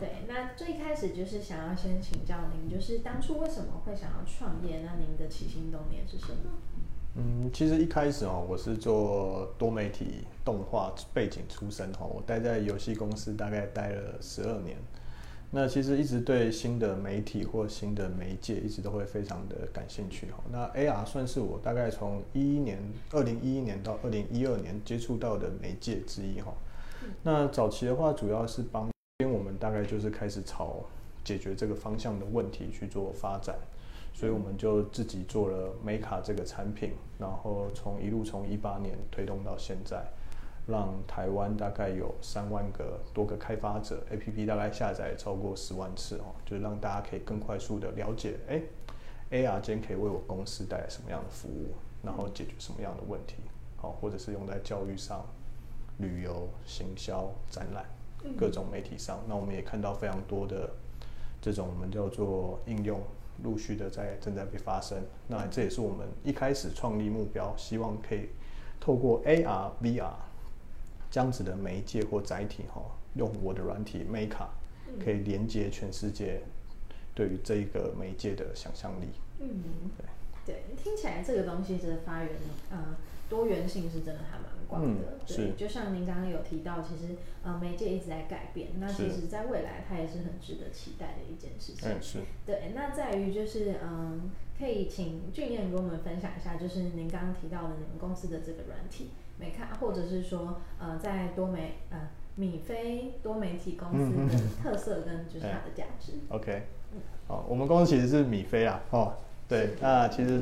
對，那最開始就是想要先請教您，就是當初為什麼會想要創業？那您的起心動念是什麼？嗯，其實一開始哦，我是做多媒體動畫背景出身哈，我待在遊戲公司大概待了十二年，那其實一直對新的媒體或新的媒介一直都會非常的感興趣哈。那 AR 算是我大概從一一年二零一一年到二零一二年接觸到的媒介之一哈、嗯。那早期的話，主要是幫。大概就是開始朝解決這個方向的問題去做發展，所以我們就自己做了 MAKAR 這個產品，然後從一路從一八年推動到現在，讓台灣大概有三萬個多個開發者 A P P 大概下載超過十萬次哦，就是讓大家可以更快速的了解，哎，A R 今天可以為我公司帶來什麼樣的服務，然後解決什麼樣的問題，好，或者是用在教育上、旅遊、行銷、展覽。各種媒體上，那我們也看到非常多的這種我們叫做應用，陸續的在正在被發生。那這也是我們一開始創立目標，希望可以透過 AR、VR 這樣子的媒介或載體，哈，用我的軟體 MAKAR 可以連接全世界對於這一個媒介的想象力。嗯，對對，聽起來這個東西是發源，呃，多元性是真的還蠻。光、嗯、的是。就像您剛剛有提到，其實呃，媒介一直在改變。那其實在未來，它也是很值得期待的一件事情。嗯、是。對，那在於就是嗯、呃，可以請俊諺跟我們分享一下，就是您剛剛提到的你們公司的這個軟體，MAKAR，或者是說呃，在多媒呃米菲多媒體公司的特色跟就是它的價值。嗯嗯嗯嗯 欸、OK、嗯。我們公司其實是米菲啊。哦，對，那其實。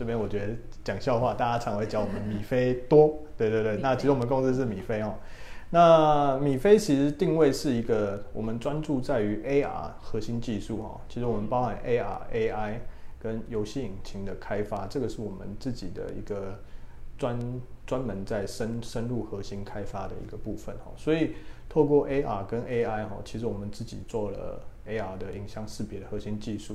這邊我覺得講笑話，大家常會叫我們米菲多， 對對對。那其實我們公司是米菲哦。那米菲其實定位是一個，我們專注在於 AR 核心技術哦。其實我們包含 AR、AI 跟遊戲引擎的開發，這個是我們自己的一個專專門在深深入核心開發的一個部分哦。所以透過 AR 跟 AI 哦，其實我們自己做了。A R 的影像識別的核心技術，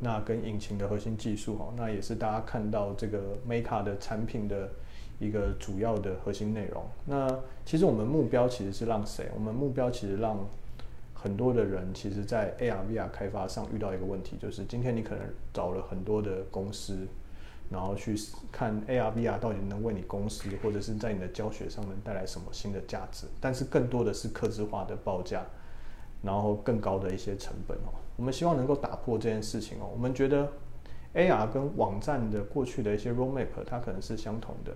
那跟引擎的核心技術哈，那也是大家看到這個 MAKAR 的產品的一個主要的核心內容。那其實我們目標其實是讓誰？我們目標其實讓很多的人其實在 AR，在 A R V R 開發上遇到一個問題，就是今天你可能找了很多的公司，然後去看 A R V R 到底能為你公司或者是在你的教學上能帶來什麼新的價值，但是更多的是客制化的報價。然後更高的一些成本哦，我們希望能夠打破這件事情哦。我們覺得，AR 跟網站的過去的一些 roadmap，它可能是相同的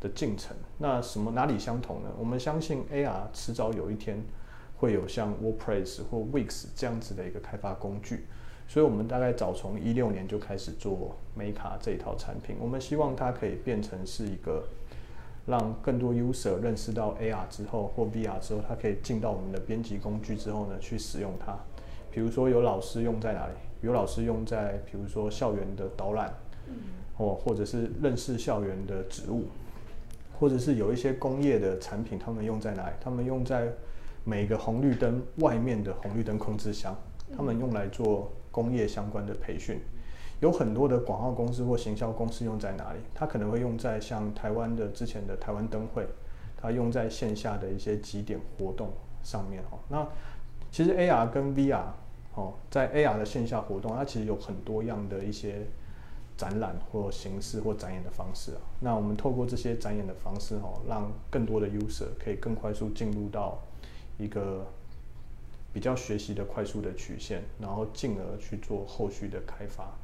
的進程。那什麼哪裡相同呢？我們相信 AR 遲早有一天會有像 WordPress 或 Wix 這樣子的一個開發工具，所以我們大概早從一六年就開始做 MAKAR 這一套產品。我們希望它可以變成是一個。讓更多 User 認識到 AR 之後或 VR 之後，他可以進到我們的編輯工具之後呢，去使用它。比如說有老師用在哪裡？有老師用在比如說校園的導覽，哦，或者是認識校園的植物，或者是有一些工業的產品，他們用在哪裡？他們用在每個紅綠燈外面的紅綠燈控制箱，他們用來做工業相關的培訓。有很多的廣告公司或行銷公司用在哪裡？它可能會用在像台灣的之前的台灣燈會，它用在線下的一些集點活動上面哈。那其實 AR 跟 VR 哦，在 AR 的線下活動，它其實有很多樣的一些展覽或形式或展演的方式啊。那我們透過這些展演的方式哦，讓更多的 user 可以更快速進入到一個比較學習的快速的曲線，然後進而去做後續的開發。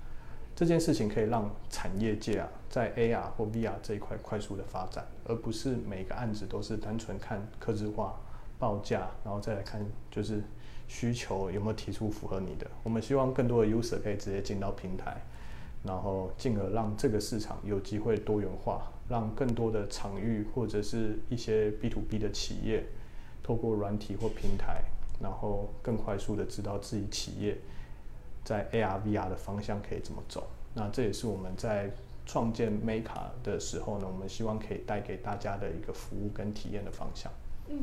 這件事情可以讓產業界啊，在 AR 或 VR 這一塊快速的發展，而不是每個案子都是單純看客製化報價，然後再來看就是需求有沒有提出符合你的。我們希望更多的 user 可以直接進到平台，然後進而讓這個市場有機會多元化，讓更多的場域或者是一些 B to B 的企業透過軟體或平台，然後更快速的知道自己企業，在 AR/VR 的方向可以怎麼走？那這也是我們在創建 MAKAR 的時候呢，我們希望可以帶給大家的一個服務跟體驗的方向。嗯。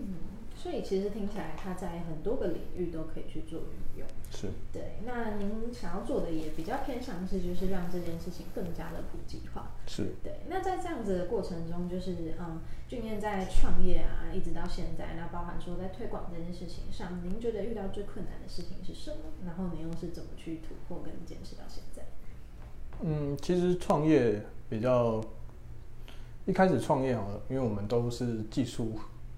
所以其實聽起來，它在很多個領域都可以去做運用。是對。那您想要做的也比較偏向是，就是讓這件事情更加的普及化。是對。那在這樣子的過程中，就是嗯，俊諺在創業啊，一直到現在，那包含說在推廣這件事情上，您覺得遇到最困難的事情是什麼？然後您又是怎麼去突破跟堅持到現在？嗯，其實創業比較一開始創業好了，因為我們都是技術。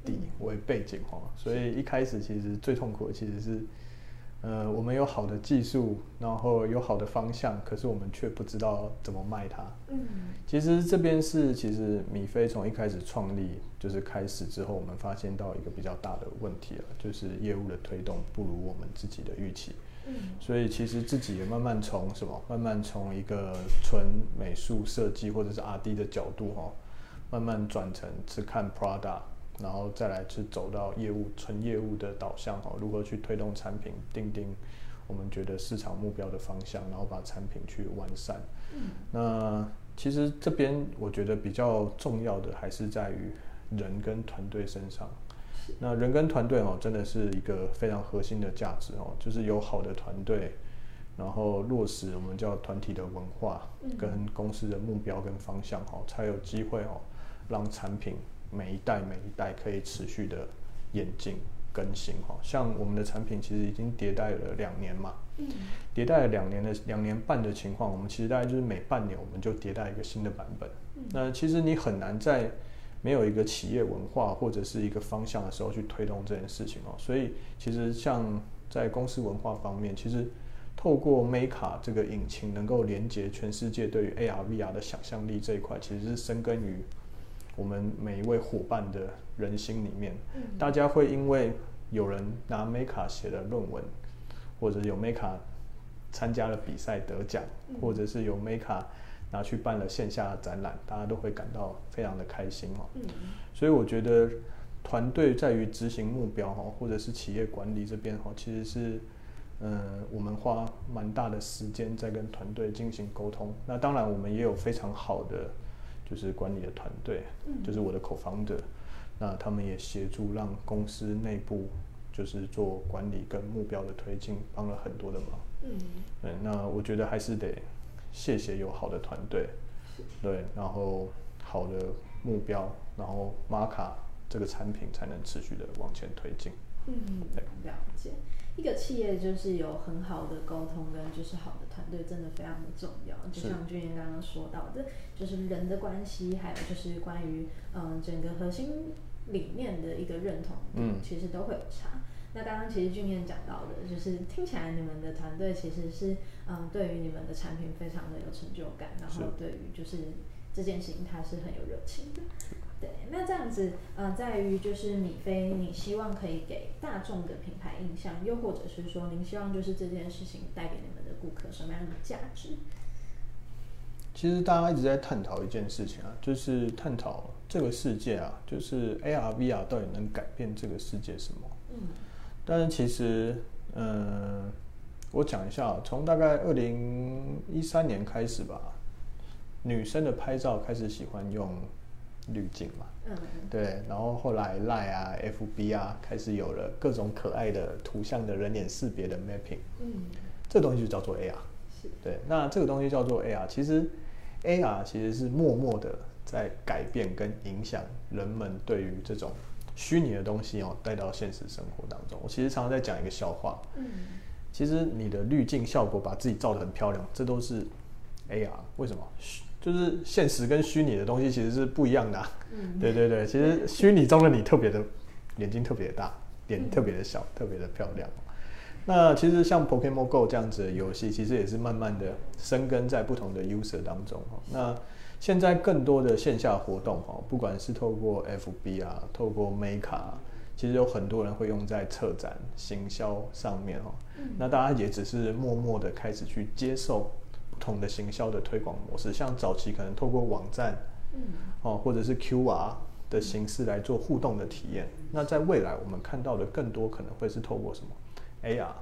底為背景，所以一開始其實最痛苦的其實是，是呃，我們有好的技術，然後有好的方向，可是我們卻不知道怎麼賣它。嗯，其實這邊是其實米菲從一開始創立就是開始之後，我們發現到一個比較大的問題了，就是業務的推動不如我們自己的預期。嗯，所以其實自己也慢慢從什麼慢慢從一個純美術設計或者是阿 D 的角度哈，慢慢轉成是看 Prada。然後再來去走到業務純業務的導向哦，如何去推動產品，訂定我們覺得市場目標的方向，然後把產品去完善。嗯、那其實這邊我覺得比較重要的還是在於人跟團隊身上。是。那人跟團隊哦，真的是一個非常核心的價值哦，就是有好的團隊，然後落實我們叫團體的文化、嗯、跟公司的目標跟方向哈、哦，才有機會哦，讓產品。每一代每一代可以持續的演進更新哈，像我們的產品其實已經迭代了兩年嘛，嗯、迭代了兩年的兩年半的情況，我們其實大概就是每半年我們就迭代一個新的版本、嗯。那其實你很難在沒有一個企業文化或者是一個方向的時候去推動這件事情哦。所以其實像在公司文化方面，其實透過 MAKAR 這個引擎能夠連接全世界對於 AR VR 的想象力這一塊，其實是深耕於。我們每一位夥伴的人心裡面、嗯，大家會因為有人拿 MAKAR 寫了論文，或者有 MAKAR 參加了比賽得獎、嗯，或者是有 MAKAR 拿去辦了線下的展覽，大家都會感到非常的開心、嗯、所以我覺得團隊在於執行目標或者是企業管理這邊其實是、呃、我們花蠻大的時間在跟團隊進行溝通。那當然，我們也有非常好的。就是管理的團隊，就是我的 co-founder，那他們也協助讓公司內部就是做管理跟目標的推進，幫了很多的忙，嗯，對，那我覺得還是得謝謝有好的團隊，對，然後好的目標，然後 MAKAR 這個產品才能持續的往前推進，嗯，對，一個企業就是有很好的溝通跟就是好的團隊，真的非常的重要。就像俊諺剛剛說到的，就是人的關係，還有就是關於嗯整個核心理念的一個認同，其實都會有差，嗯。那剛剛其實俊諺講到的，就是聽起來你們的團隊其實是嗯對於你們的產品非常的有成就感，然後對於就是這件事情他是很有熱情的。對，那這樣子，呃，在於就是米菲，你希望可以給大眾的品牌印象，又或者是說，您希望就是這件事情帶給你們的顧客什麼樣的價值？其實大家一直在探討一件事情啊，就是探討這個世界啊，就是 AR VR 到底能改變這個世界什麼？嗯，但是其實，嗯，我講一下啊，從大概二零一三年開始吧，女生的拍照開始喜歡用。濾鏡嘛、嗯，對，然後後來 Line 啊、FB 啊，開始有了各種可愛的圖像的人臉識別的 mapping，嗯，這個、東西就叫做 AR，對，那這個東西叫做 AR，其實 AR 其實是默默的在改變跟影響人們對於這種虛擬的東西哦帶到現實生活當中。我其實常常在講一個笑話，嗯，其實你的濾鏡效果把自己照得很漂亮，這都是 AR，為什麼？就是現實跟虛擬的東西其實是不一樣的，啊，對對對，其實虛擬中的你特別的 眼睛特別的大，臉特別的小，嗯、特別的漂亮。那其實像 Pokemon Go 這樣子的遊戲，其實也是慢慢的生根在不同的 user 當中。那現在更多的線下活動哈，不管是透過 FB 啊，透過 MAKAR 其實有很多人會用在策展、行銷上面，嗯、那大家也只是默默的開始去接受。傳統的行銷的推廣模式，像早期可能透過網站，嗯，哦或者是 Q R 的形式來做互動的體驗，嗯。那在未來我們看到的更多可能會是透過什麼 A R，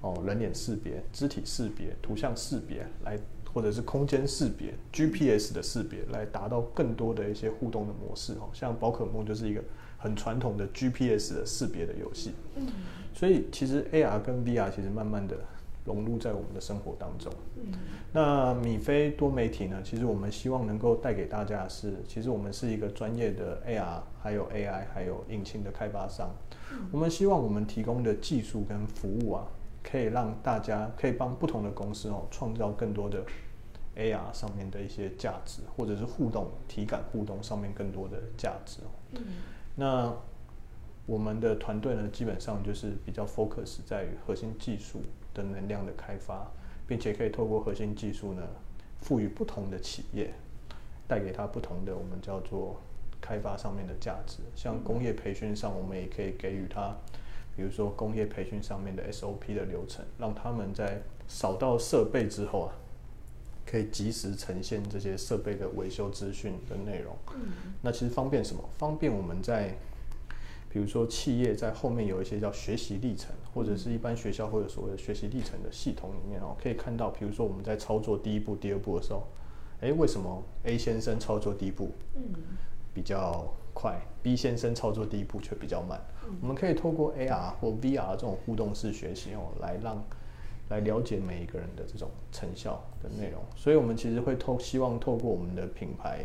哦人臉識別、肢體識別、圖像識別來，或者是空間識別、G P S 的識別來達到更多的一些互動的模式。哦，像寶可夢就是一個很傳統的 G P S 的識別的遊戲。嗯，所以其實 A R 跟 V R 其實慢慢的。融入在我們的生活當中。嗯。那米菲多媒體呢？其實我們希望能夠帶給大家的是，其實我們是一個專業的 AR 還有 AI 還有引擎的開發商。嗯。我們希望我們提供的技術跟服務啊，可以讓大家可以幫不同的公司哦，創造更多的 AR 上面的一些價值，或者是互動體感互動上面更多的價值。嗯。那我們的團隊呢，基本上就是比較 focus 在於核心技術。的能量的開發，並且可以透過核心技術呢，賦予不同的企業，帶給他不同的我們叫做開發上面的價值。像工業培訓上，我們也可以給予他，比如說工業培訓上面的 SOP 的流程，讓他們在掃到設備之後啊，可以即時呈現這些設備的維修資訊的內容，嗯。那其實方便什麼？方便我們在。比如說，企業在後面有一些叫學習歷程，或者是一般學校或者所謂的學習歷程的系統裡面哦，可以看到，比如說我們在操作第一步、第二步的時候，哎，為什麼 A 先生操作第一步比較快，嗯，B 先生操作第一步卻比較慢，嗯。我們可以透過 AR 或 VR 這種互動式學習哦，來讓來了解每一個人的這種成效的內容。所以，我們其實會透希望透過我們的品牌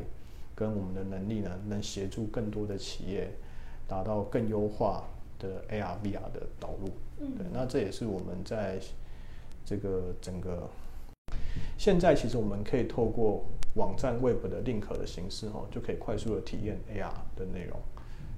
跟我們的能力呢，能協助更多的企業。達到更優化的 AR/VR 的導入，對，那這也是我們在這個整個現在，其實我們可以透過網站 Web 的 link 的形式哦，就可以快速的體驗 AR 的內容。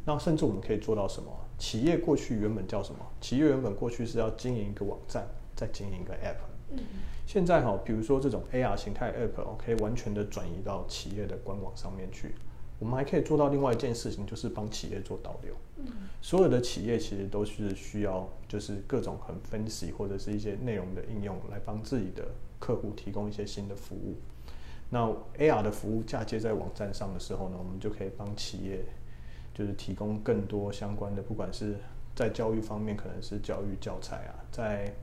那甚至我們可以做到什麼？企業過去原本叫什麼？企業原本過去是要經營一個網站，再經營一個 App。嗯，現在哈，比如說這種 AR 形態 App 可以完全的轉移到企業的官網上面去。我們還可以做到另外一件事情，就是幫企業做導流、嗯。所有的企業其實都是需要，就是各種很 fancy 或者是一些內容的應用，來幫自己的客戶提供一些新的服務。那 AR 的服務嫁接在網站上的時候呢，我們就可以幫企業，就是提供更多相關的，不管是在教育方面，可能是教育教材啊，在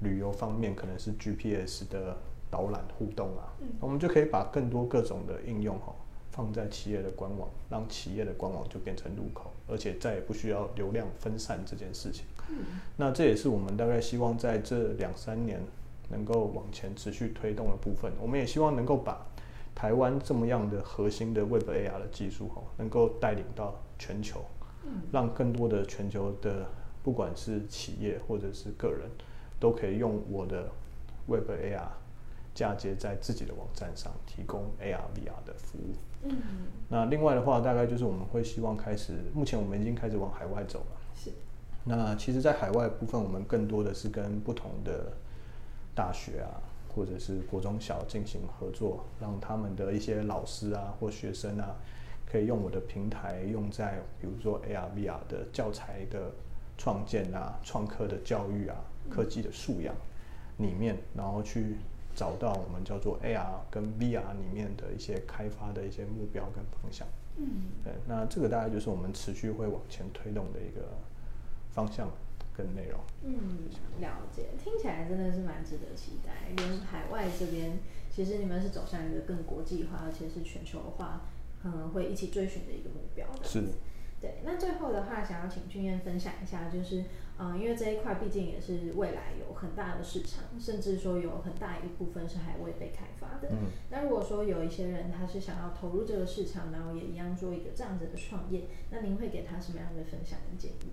旅遊方面，可能是 GPS 的導覽互動啊、嗯，我們就可以把更多各種的應用哈。放在企業的官網，讓企業的官網就變成入口，而且再也不需要流量分散這件事情。嗯。那這也是我們大概希望在這兩三年能夠往前持續推動的部分。我們也希望能夠把台灣這麼樣的核心的 Web AR 的技術吼，能夠帶領到全球，嗯，讓更多的全球的不管是企業或者是個人，都可以用我的 Web AR 嫁接在自己的網站上，提供 AR VR 的服務。那另外的話，大概就是我們會希望開始，目前我們已經開始往海外走了。是。那其實，在海外部分，我們更多的是跟不同的大學啊，或者是國中小進行合作，讓他們的一些老師啊或學生啊，可以用我的平台用在，比如說 AR、VR 的教材的創建啊、創客的教育啊、科技的素養裡面，然後去。找到我們叫做 AR 跟 VR 裡面的一些開發的一些目標跟方向。嗯，對，那這個大概就是我們持續會往前推動的一個方向跟內容。嗯，了解，聽起來真的是蠻值得期待。因為海外這邊，其實你們是走向一個更國際化，而且是全球化，可能、嗯、會一起追尋的一個目標。是。對，那最後的話，想要請俊諺分享一下，就是，嗯、呃，因為這一塊畢竟也是未來有很大的市場，甚至說有很大一部分是還未被開發的。嗯，那如果說有一些人他是想要投入這個市場，然後也一樣做一個這樣子的創業，那您會給他什麼樣的分享跟建議？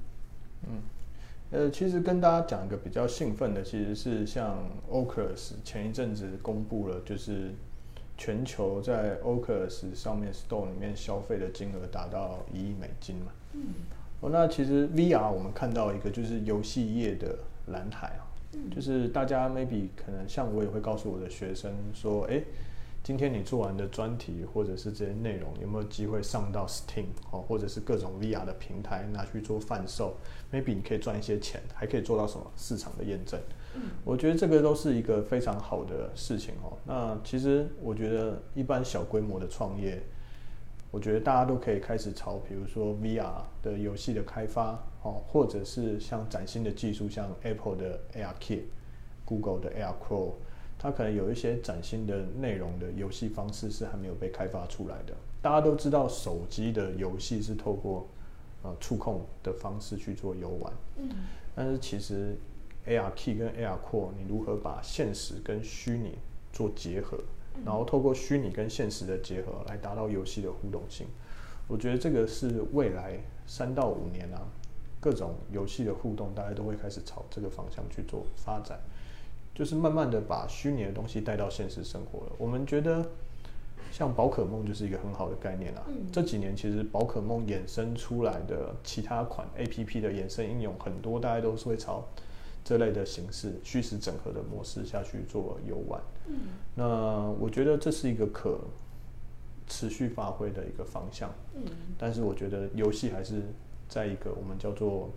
嗯，呃，其實跟大家講一個比較興奮的，其實是像 Oculus 前一陣子公布了，就是。全球在 Oculus 上面 Store 裡面消費的金額達到一億美金嘛？嗯，哦，那其實 VR 我們看到一個就是遊戲業的藍海啊，嗯，就是大家 maybe 可能像我也會告訴我的學生說，誒、欸。今天你做完的專題或者是這些內容，有沒有機會上到 Steam 或者是各種 VR 的平台拿去做販售？Maybe 你可以賺一些錢，還可以做到什麼市場的驗證？嗯，我覺得這個都是一個非常好的事情哦。那其實我覺得一般小規模的創業，我覺得大家都可以開始朝，比如說 VR 的遊戲的開發哦，或者是像嶄新的技術，像 Apple 的 ARKit、Google 的 ARCore 它可能有一些嶄新的內容的遊戲方式是還沒有被開發出來的。大家都知道，手機的遊戲是透過，呃，觸控的方式去做遊玩。嗯。但是其實 ARKit 跟 AR Core，你如何把現實跟虛擬做結合，然後透過虛擬跟現實的結合來達到遊戲的互動性，我覺得這個是未來三到五年啊，各種遊戲的互動，大家都會開始朝這個方向去做發展。就是慢慢的把虛擬的東西帶到現實生活了。我們覺得，像寶可夢就是一個很好的概念啊。嗯、這幾年其實寶可夢衍生出來的其他款 APP 的衍生應用很多，大家都是會朝這類的形式虛實整合的模式下去做遊玩。嗯。那我覺得這是一個可持續發揮的一個方向。嗯、但是我覺得遊戲還是在一個我們叫做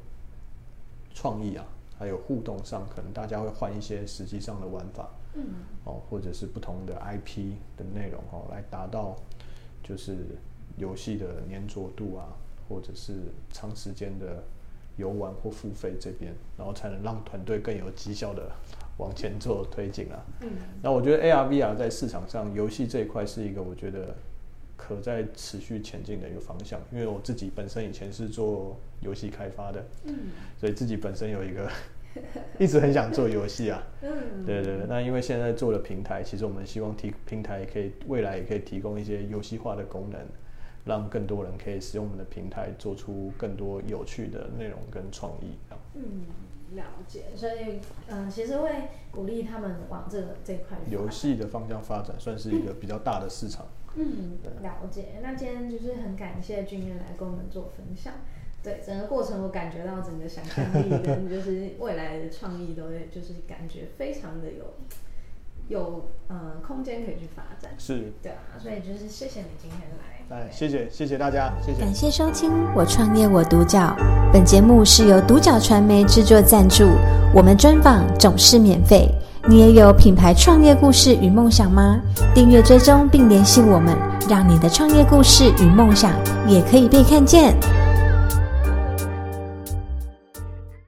創意啊。還有互動上，可能大家會換一些實際上的玩法，嗯，哦，或者是不同的 IP 的內容哦，來達到就是遊戲的粘着度啊，或者是長時間的遊玩或付費這邊，然後才能讓團隊更有績效的往前做推進啊。嗯，那我覺得 ARVR 在市場上遊戲這一塊是一個我覺得。可在持續前進的一個方向，因為我自己本身以前是做遊戲開發的，嗯、所以自己本身有一個 一直很想做遊戲啊。嗯、對，對對，那因為現在做了平台，其實我們希望提平台也可以未來也可以提供一些遊戲化的功能，讓更多人可以使用我們的平台做出更多有趣的內容跟創意。嗯，了解。所以，嗯、呃，其實會鼓勵他們往這個這塊遊戲的方向發展，算是一個比較大的市場。嗯。嗯，了解。那今天就是很感謝俊諺來跟我們做分享。對整個過程，我感覺到整個想象力跟就是未來的創意，都會，就是感覺非常的有。有嗯，空間可以去發展，是對啊，所以就是謝謝你今天來，對，來謝謝謝謝大家，謝謝。感謝收聽《我創業我獨角》，本節目是由獨角傳媒製作贊助，我們專訪總是免費。你也有品牌創業故事與夢想嗎？訂閱追蹤並聯繫我們，讓你的創業故事與夢想也可以被看見。